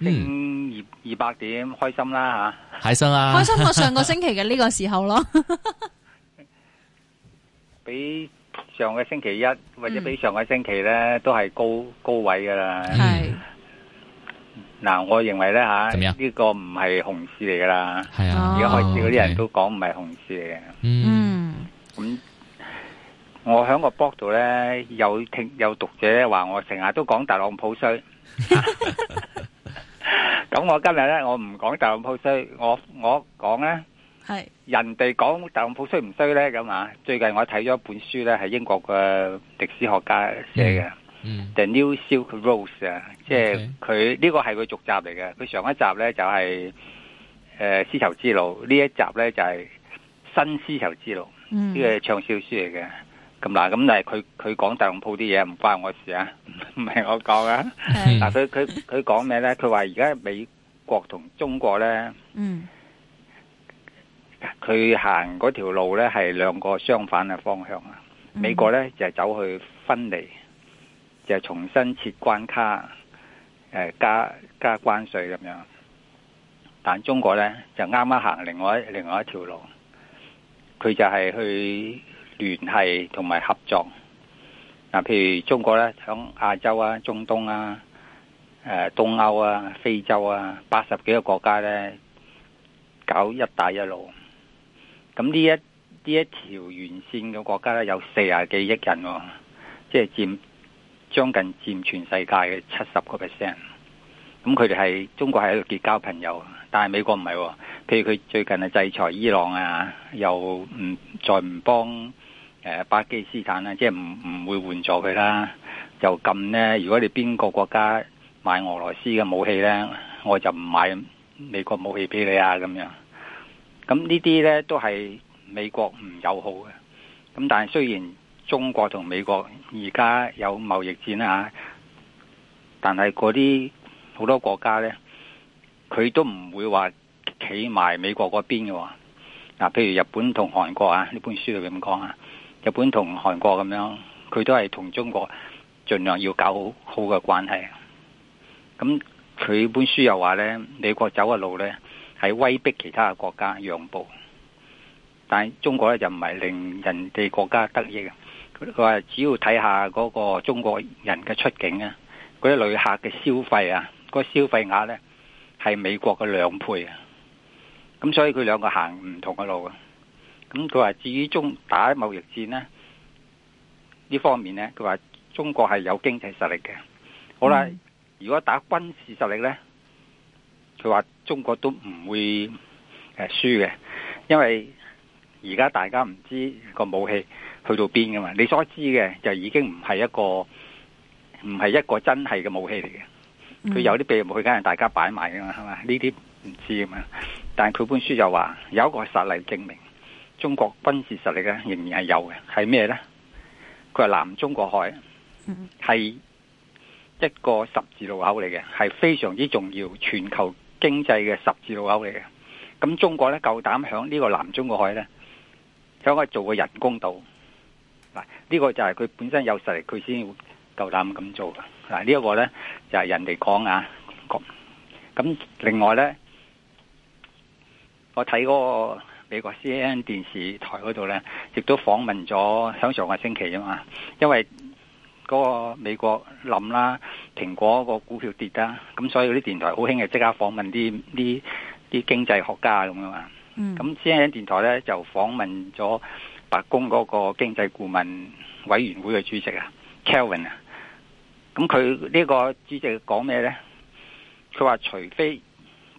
升二二百點，開心啦吓，開心啊！ 開心我上個星期嘅呢個時候咯， 比上個星期一或者比上個星期咧都係高高位噶啦。係嗱、嗯嗯啊，我認為咧吓，呢、啊、個唔係熊市嚟噶啦，係啊，而家開始嗰啲人都講唔係熊市嚟嘅。嗯，咁、嗯嗯、我喺個 blog 度咧有聽有，有讀者話我成日都講特朗普衰。 咁我今日咧，我唔講特朗普衰，我我講咧，係人哋講特朗普衰唔衰咧，咁啊，最近我睇咗一本書咧，係英國嘅歷史學家寫嘅，《The New Silk Roads》，即係佢呢個係佢續集嚟嘅，佢上一集咧就係誒絲綢之路，呢一集咧就係新絲綢之路，呢個係暢銷書嚟嘅。咁嗱，咁但係佢佢講特朗普啲嘢，唔關我事啊，唔係我講啊。嗱，佢佢佢講咩咧？佢話而家美國同中國咧，佢行嗰條路咧係兩個相反嘅方向啊。美國咧就係走去分離，就係重新設關卡，誒，加加關稅咁樣。但係中國咧就啱啱行另外另外一條路，佢就係去聯繫同埋合作，嗱，譬如中國咧響亞洲啊、中東啊、誒東歐啊、非洲啊，八十幾個國家咧搞一帶一路，咁呢一呢一條沿綫嘅國家咧有四十幾億人，哦，即係佔將近佔全世界嘅七十個 percent，咁佢哋係中國係喺度結交朋友，但係美國唔係，哦，譬如佢最近係制裁伊朗啊，又唔再唔幫。誒巴基斯坦咧，即係唔唔會援助佢啦，就咁呢。如果你邊個國家買俄羅斯嘅武器呢，我就唔買美國武器俾你啊咁樣。咁呢啲呢，都係美國唔友好嘅。咁但係雖然中國同美國而家有貿易戰啊，但係嗰啲好多國家呢，佢都唔會話企埋美國嗰邊嘅喎。嗱，啊，譬如日本同韓國啊，呢本書就咁講啊。日本同韓國咁樣，佢都係同中國盡量要搞好好嘅關係。咁佢本書又話呢，美國走嘅路呢係威逼其他嘅國家讓步，但係中國呢就唔係令人哋國家得益。佢話只要睇下嗰個中國人嘅出境啊，嗰啲旅客嘅消費啊，個消費額呢係美國嘅兩倍啊，咁所以佢兩個行唔同嘅路啊。咁佢話至於中打貿易戰咧呢方面咧，佢話中國係有經濟實力嘅。好啦，mm. 如果打軍事實力咧，佢話中國都唔會誒輸嘅，因為而家大家唔知個武器去到邊噶嘛。你所知嘅就已經唔係一個唔係一個真係嘅武器嚟嘅。佢、mm. 有啲秘密，梗係大家擺埋噶嘛，係嘛？呢啲唔知啊嘛。但係佢本書就話有一個實例證明。中國軍事實力仍然係有嘅，係咩呢？佢係南中國海係一個十字路口嚟嘅，係非常之重要，全球經濟嘅十字路口嚟嘅。咁中國呢，夠膽響呢個南中國海呢，響個做個人工島。嗱，呢個就係佢本身有實力，佢先夠膽咁做。嗱、呢一個呢就係人哋講啊，咁另外呢，我睇嗰個。美國 CNN 電視台嗰度呢，亦都訪問咗，響上個星期啊嘛，因為嗰個美國冧啦、啊，蘋果個股票跌啦，咁所以啲電台好興，係即刻訪問啲啲啲經濟學家咁噶嘛。咁、嗯、CNN 電台呢，就訪問咗白宮嗰個經濟顧問委員會嘅主席啊，Kevin 啊，咁佢呢個主席講咩呢？佢話除非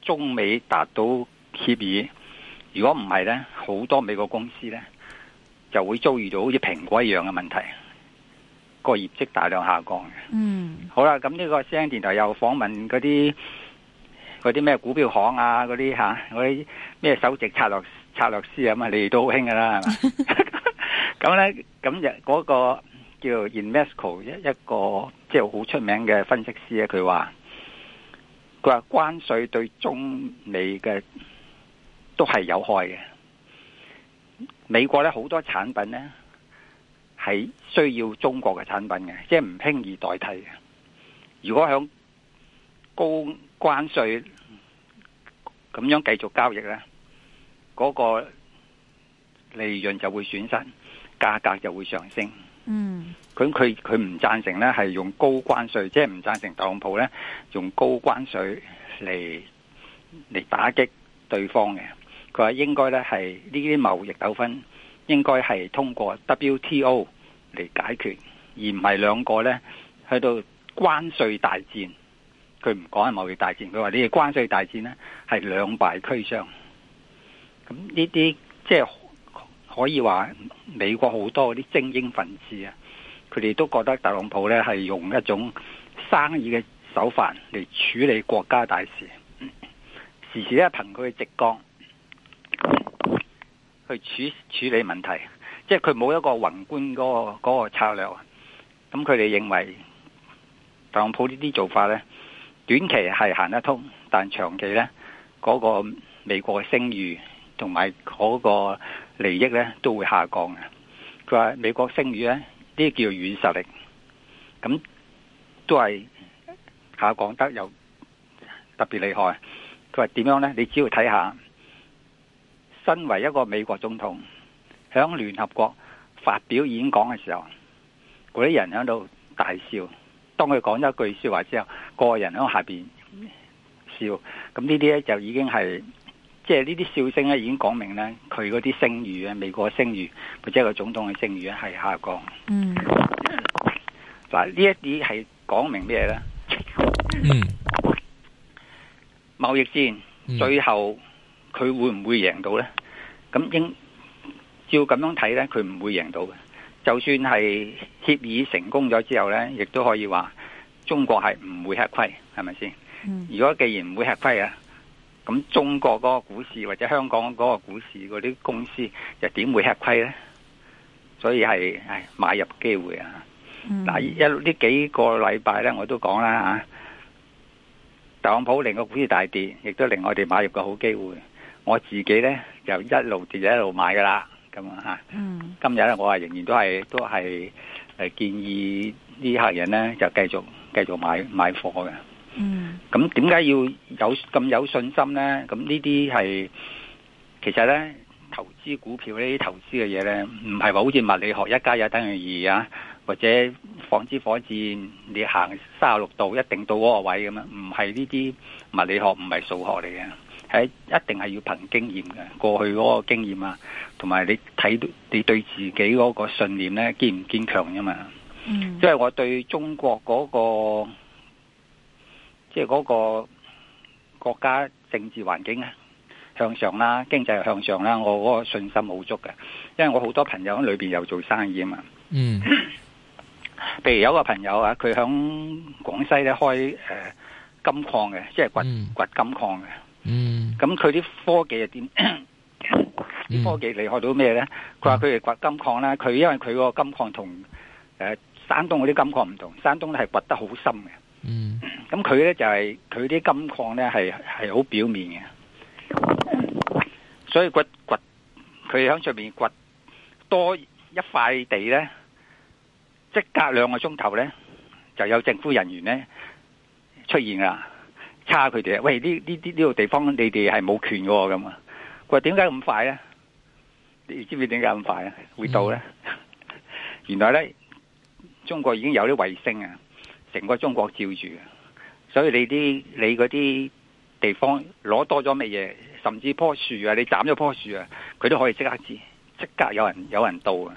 中美達到協議。如果唔係咧，好多美國公司咧就會遭遇到好似蘋果一樣嘅問題，個業績大量下降嘅。嗯、mm.，好啦，咁呢個聲音電台又訪問嗰啲啲咩股票行啊，嗰啲吓，啲、啊、咩首席策略策略師啊嘛，你哋都好興噶啦，係嘛？ 咁咧，咁就嗰個叫 Invesco 一一個即係好出名嘅分析師咧、啊，佢話佢話關稅對中美嘅。都係有害嘅。美國咧好多產品呢係需要中國嘅產品嘅，即係唔輕易代替嘅。如果喺高關稅咁樣繼續交易呢嗰，嗰個利潤就會損失，價格就會上升。嗯、mm.。咁佢佢唔贊成呢係用高關稅，即係唔贊成特朗普呢用高關稅嚟嚟打擊對方嘅。佢話應該咧係呢啲貿易糾紛應該係通過 WTO 嚟解決，而唔係兩個咧去到關稅大戰，佢唔講係貿易大戰，佢話呢啲關稅大戰咧係兩敗俱傷，咁呢啲即係可以話美國好多啲精英分子啊，佢哋都覺得特朗普咧係用一種生意嘅手法嚟處理國家大事，時時咧憑佢嘅直覺。去處處理問題，即係佢冇一個宏觀嗰個個策略，咁佢哋認為特朗普呢啲做法咧，短期係行得通，但長期呢，嗰、嗰個美國聲譽同埋嗰個利益咧都會下降嘅。佢話美國聲譽呢啲叫軟實力，咁都係下降得又特別厲害。佢話點樣呢？你只要睇下。身為一個美國總統，響聯合國發表演講嘅時候，嗰啲人響度大笑。當佢講咗一句說話之後，個人響下邊笑。咁呢啲咧就已經係，即係呢啲笑聲咧已經講明咧，佢嗰啲聲譽啊、美國聲譽或者個總統嘅聲譽係下降。嗯。嗱，呢一啲係講明咩咧？嗯。貿易戰、嗯、最後。佢會唔會贏到呢？咁應照咁樣睇呢，佢唔會贏到嘅。就算係協議成功咗之後呢，亦都可以話中國係唔會吃虧，係咪先？如果既然唔會吃虧啊，咁中國嗰個股市或者香港嗰個股市嗰啲公司又點會吃虧呢？所以係係買入機會啊！嗱，一呢幾個禮拜呢，我都講啦吓，特朗普令個股市大跌，亦都令我哋買入個好機會。我自己呢，就一路跌一路買噶啦，咁啊吓。今日呢，我仍然都係都係建議啲客人呢，就繼續繼續買買貨嘅。咁點解要有咁有信心呢？咁呢啲係其實呢投資股票呢啲投資嘅嘢呢，唔係話好似物理學一加一等於二啊，或者放支火箭，你行三十六度一定到嗰個位咁樣，唔係呢啲物理學唔係數學嚟嘅。一定係要憑經驗嘅，過去嗰個經驗啊，同埋你睇你對自己嗰個信念咧堅唔堅強吖嘛。嗯，即係我對中國嗰個，即係嗰個國家政治環境啊，向上啦，經濟向上啦，我嗰個信心好足嘅。因為我好多朋友喺裏邊有做生意啊嘛。嗯，譬如有個朋友啊，佢響廣西咧開誒、呃、金礦嘅，即係掘、嗯、掘金礦嘅。嗯，咁佢啲科技係點？啲 科技厲害到咩咧？佢話佢哋掘金礦啦，佢、嗯、因為佢個金礦同誒山東嗰啲金礦唔同，山東咧係掘得好深嘅。嗯，咁佢咧就係佢啲金礦咧係係好表面嘅，所以掘掘佢喺上面掘多一塊地咧，即隔兩個鐘頭咧就有政府人員咧出現啊！差佢哋喂？呢呢啲呢個地方你哋係冇權嘅咁啊？佢話點解咁快咧？你知唔知點解咁快啊？會到咧？嗯、 原來咧，中國已經有啲衛星啊，成個中國照住，所以你啲你嗰啲地方攞多咗乜嘢，甚至樖樹啊，你斬咗樖樹啊，佢都可以即刻知，即刻有人有人到啊。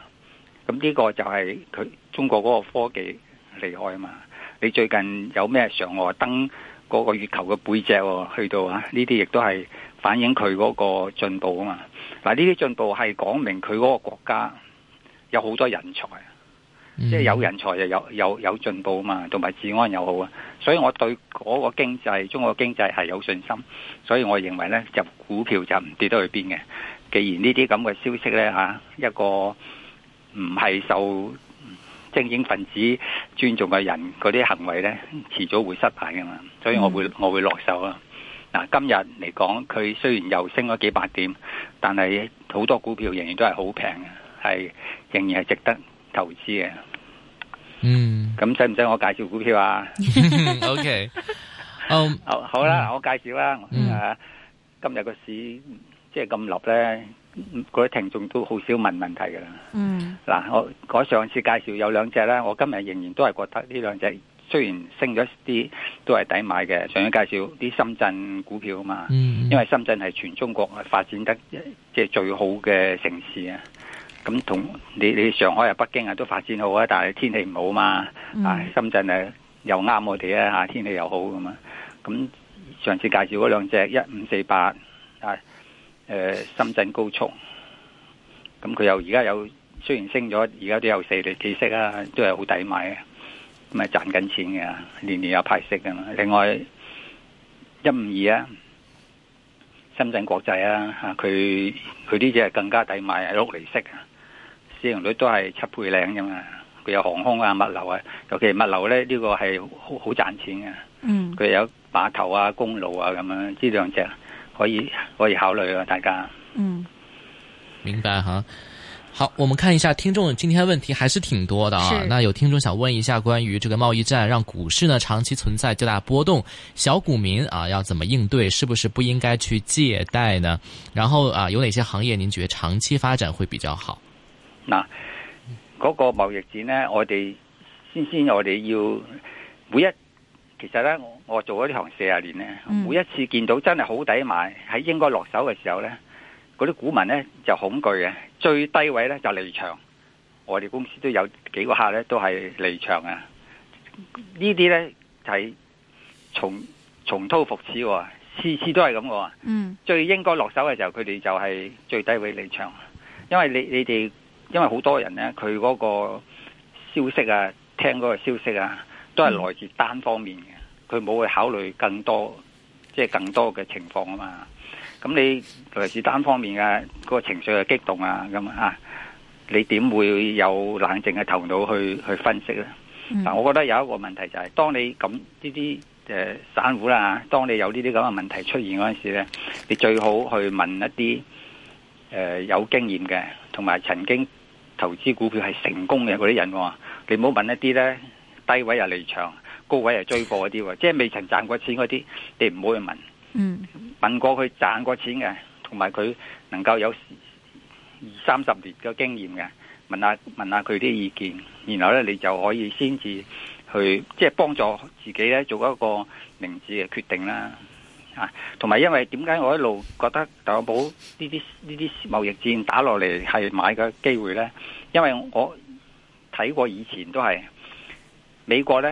咁呢個就係佢中國嗰個科技厲害啊嘛。你最近有咩嫦娥登？嗰個月球嘅背脊，去到啊！呢啲亦都係反映佢嗰個進步啊嘛。嗱，呢啲進步係講明佢嗰個國家有好多人才，嗯、即係有人才就有有有進步啊嘛。同埋治安又好啊，所以我對嗰個經濟，中國經濟係有信心。所以我認為呢，入股票就唔跌得去邊嘅。既然呢啲咁嘅消息呢，嚇，一個唔係受。精英分子尊重嘅人，嗰啲行為咧，遲早會失敗噶嘛，所以我會、嗯、我會落手啊。嗱、啊，今日嚟講，佢雖然又升咗幾百點，但係好多股票仍然都係好平嘅，係仍然係值得投資嘅。嗯，咁使唔使我介紹股票啊？OK，好好啦，嗯、我介紹啦、啊啊。今日個市即係咁立咧。嗰啲聽眾都好少問問題㗎、嗯、啦。嗯，嗱，我上次介紹有兩隻咧，我今日仍然都係覺得呢兩隻雖然升咗啲，都係抵買嘅。上次介紹啲深圳股票啊嘛，嗯、因為深圳係全中國發展得即係、就是、最好嘅城市啊。咁同你你上海啊、北京啊都發展好啊，但係天氣唔好嘛。啊、嗯哎，深圳啊又啱我哋啊嚇，天氣又好啊嘛。咁上次介紹嗰兩隻一五四八啊。哎誒深圳高速，咁佢又而家有，雖然升咗，而家都有四釐利息啦，都係好抵買嘅，咁係賺緊錢嘅，年年有派息嘅嘛。另外一五二啊，深圳國際啊，嚇佢佢呢隻更加抵買，六厘息啊，市盈率都係七倍零啫嘛。佢有航空啊、物流啊，尤其是物流咧呢、呢個係好好賺錢嘅。嗯，佢有碼頭啊、公路啊咁樣，呢兩隻。可以可以考慮啊，大家。嗯，明白哈、啊。好，我們看一下聽眾，今天問題還是挺多的啊。是那有聽眾想問一下，關於這個貿易戰，讓股市呢長期存在較大波動，小股民啊要怎麼應對？是不是不應該去借貸呢？然後啊，有哪些行業您覺得長期發展會比較好？那嗰個貿易戰呢，我哋先先我哋要每一。其實咧，我做咗呢行四十年咧，嗯、每一次見到真係好抵買，喺應該落手嘅時候咧，嗰啲股民咧就恐懼嘅，最低位咧就離場。我哋公司都有幾個客咧都係離場啊！呢啲咧就係重重蹈覆轍喎，次次都係咁嘅。嗯，最應該落手嘅時候，佢哋就係最低位離場。因為你你哋，因為好多人咧，佢嗰個消息啊，聽嗰個消息啊。都係來自單方面嘅，佢冇去考慮更多，即係更多嘅情況啊嘛。咁你來自單方面嘅，嗰個情緒又激動啊咁啊，你點會有冷靜嘅頭腦去去分析咧？嗱、嗯，我覺得有一個問題就係、是，當你咁呢啲誒散戶啦，當你有呢啲咁嘅問題出現嗰陣時咧，你最好去問一啲誒、呃、有經驗嘅，同埋曾經投資股票係成功嘅嗰啲人喎。你唔好問一啲咧。低位又離場，高位又追過嗰啲喎，即係未曾賺過錢嗰啲，你唔好去問。問過佢賺過錢嘅，同埋佢能夠有二三十年嘅經驗嘅，問下問下佢啲意見，然後咧你就可以先至去即係幫助自己咧做一個明智嘅決定啦。啊，同埋因為點解我一路覺得特朗普呢啲呢啲貿易戰打落嚟係買嘅機會咧？因為我睇過以前都係。美國呢，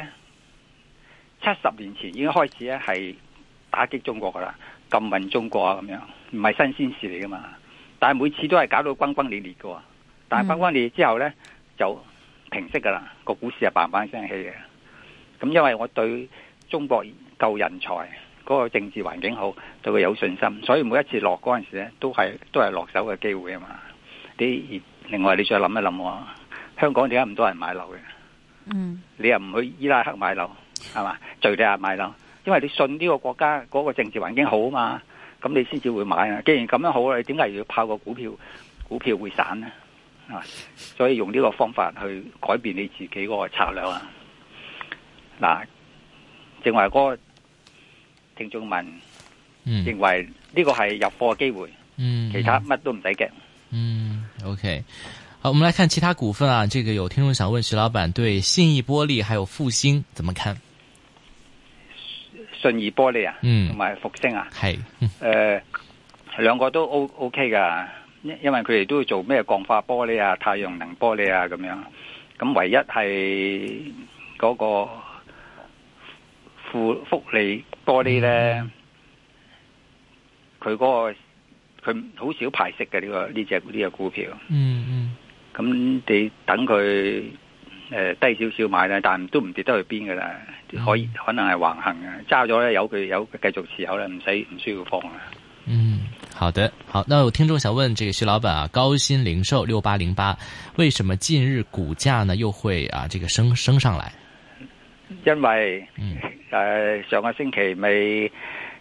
七十年前已經開始呢係打擊中國噶啦，禁運中國啊咁樣，唔係新鮮事嚟噶嘛。但係每次都係搞到轟轟烈烈噶，但係轟轟烈烈之後呢，就平息噶啦，個股市係慢慢升起嘅。咁因為我對中國夠人才，嗰個政治環境好，對佢有信心，所以每一次落嗰陣時呢都係都係落手嘅機會啊嘛。你另外你再諗一諗，香港點解咁多人買樓嘅？嗯， 你又唔去伊拉克買樓，係嘛，敘利亞買樓，因為你信呢個國家嗰個政治環境好啊嘛，咁你先至會買啊。既然咁樣好你點解要拋個股票？股票會散咧，啊，所以用呢個方法去改變你自己嗰個策略啊。嗱，正話嗰個，聽眾問，嗯、認為呢個係入貨嘅機會，嗯、其他乜都唔使驚。嗯，OK。好，我們來看其他股份啊。這個有聽眾想問徐老闆對信義玻璃還有復星怎麼看？信義玻璃啊，嗯，同埋復星啊，係，誒、嗯呃，兩個都 O，OK、OK、㗎。因因為佢哋都做咩鋼化玻璃啊、太陽能玻璃啊咁樣。咁唯一係嗰個富福利玻璃咧，佢嗰、嗯那個佢好少派息嘅呢、這個呢隻呢隻股票。嗯。咁你等佢誒低少少買啦，但係都唔跌得去邊㗎啦，可以可能係橫行嘅。揸咗咧，有佢有繼續持有咧，唔使唔需要放啦。嗯，好的，好。那有聽眾想問，這個徐老闆啊，高新零售六八零八，8，為什麼近日股價呢又會啊這個升升上來？因為誒、嗯呃、上個星期未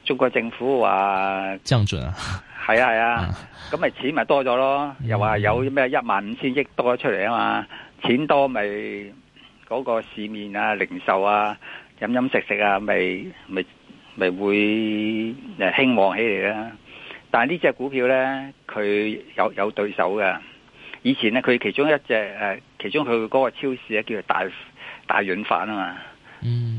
中國政府話降準啊。係啊，係啊，咁咪、啊、錢咪多咗咯，又話有咩一萬五千億多咗出嚟啊嘛，錢多咪嗰、嗰個市面啊、零售啊、飲飲食食啊，咪咪咪會誒興旺起嚟啦。但係呢隻股票咧，佢有有對手嘅。以前咧，佢其中一隻誒、呃，其中佢嗰個超市咧，叫做大大潤發啊嘛，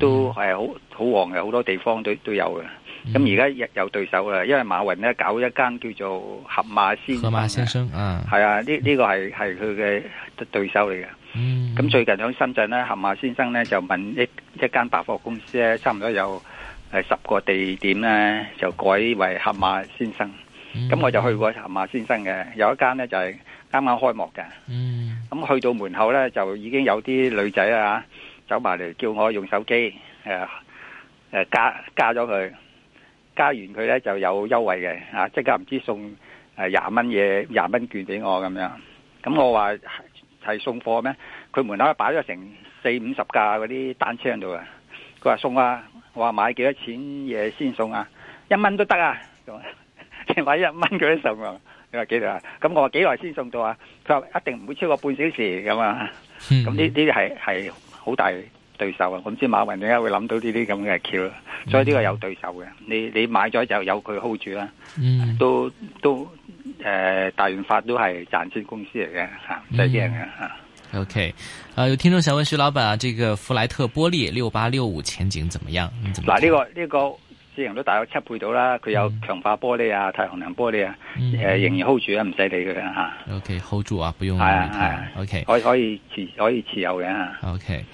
都係好好旺嘅，好多地方都都有嘅。咁而家有對手啦，因為馬雲咧搞一間叫做盒馬鮮盒馬先生啊，係啊，呢呢個係係佢嘅對手嚟嘅。咁最近喺深圳咧，盒馬先生咧就問一一間百貨公司咧，差唔多有誒十個地點咧，就改為盒馬先生。咁、嗯、我就去過盒馬先生嘅，有一間咧就係啱啱開幕嘅。咁、嗯、去到門口咧，就已經有啲女仔啊，走埋嚟叫我用手機誒誒加加咗佢。加完佢咧就有優惠嘅嚇，即刻唔知送廿蚊嘢、廿蚊券俾我咁樣。咁我話係送貨咩？佢門口擺咗成四五十架嗰啲單車喺度啊。佢話送啊。我話買幾多錢嘢先送啊？一蚊都得啊。我買一蚊佢都送啊。你話幾多啊？咁我話幾耐先送到啊？佢話一定唔會超過半小時咁啊。咁呢啲係係好大，對手啊，我唔知馬雲點解會諗到呢啲咁嘅橋？所以呢個有對手嘅，你你買咗就有佢 hold 住啦。嗯，都都誒，大潤發都係賺錢公司嚟嘅，吓，唔使驚嘅吓。OK，啊，有聽眾想問徐老闆啊，這個福萊特玻璃六八六五前景怎麼樣？嗱，呢個呢個之前都大約七倍到啦，佢有強化玻璃啊，太陽能玻璃啊，誒，仍然 hold 住啊，唔使理佢嘅吓。OK，hold 住啊，不用。係啊，OK，可可以持可以持有嘅。OK。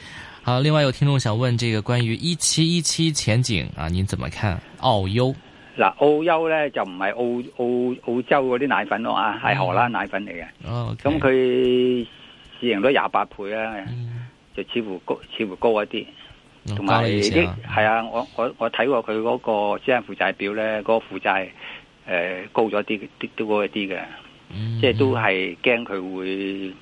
好，另外有聽眾想問，這個關於一七一七前景啊，您怎麼看？澳優，嗱，澳優咧就唔係澳澳澳洲嗰啲奶粉咯啊，係荷蘭奶粉嚟嘅。哦，咁、okay、佢市盈率廿八倍啊，嗯、就似乎，似乎高似乎高一啲，同埋啲係啊，我我我睇過佢嗰個資產負債表咧，嗰、嗰個負債誒高咗啲，都高嗯嗯都嗰一啲嘅，即係都係驚佢會。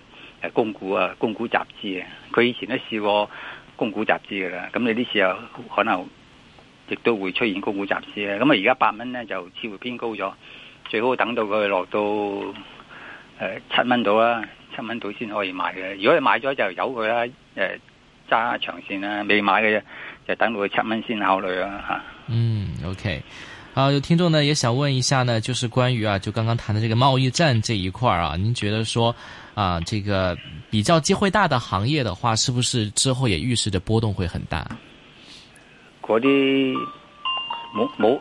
誒，供股啊，供股集資啊，佢以前都試過供股集資噶啦，咁你呢次又可能亦都會出現供股集資咧，咁啊而家八蚊咧就似乎偏高咗，最好等到佢落到誒七蚊度啦，七蚊度先可以買嘅。如果你買咗就由佢啦，誒揸下長線啦，未買嘅就等到佢七蚊先考慮啦嚇。嗯，OK。啊，有聽眾呢，也想問一下呢，就是關於啊，就剛剛談的這個貿易戰這一塊啊，您覺得說啊，這個比較機會大的行業的話，是不是之後也預示着波動會很大？嗰啲冇冇，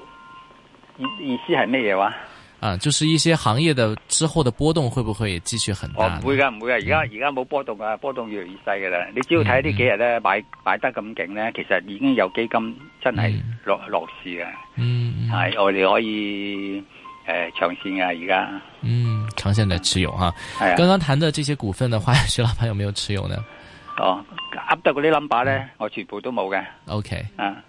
意意思係咩嘢話？啊，就是一些行業的之後的波動會不會繼續很大？哦，唔會噶，唔會噶，而家而家冇波動噶，波動越來越細噶啦。你只要睇呢幾日咧，買買得咁勁咧，其實已經有基金真係落落市嘅。嗯，係我哋可以誒長線啊而家。嗯，長線嚟，持有啊。係啊。剛剛談到這些股份的話，徐老闆有沒有持有呢？哦，噏得嗰啲 number 咧，我全部都冇嘅。OK。嗯。